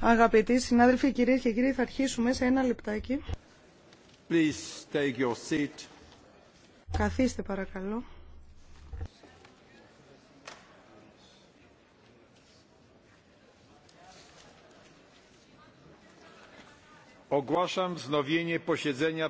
Αγαπητοί συνάδελφοι, κυρίες και κύριοι, θα αρχίσουμε σε ένα λεπτάκι. Please take your seat. Καθίστε παρακαλώ. Ogłaszam wznowienie posiedzenia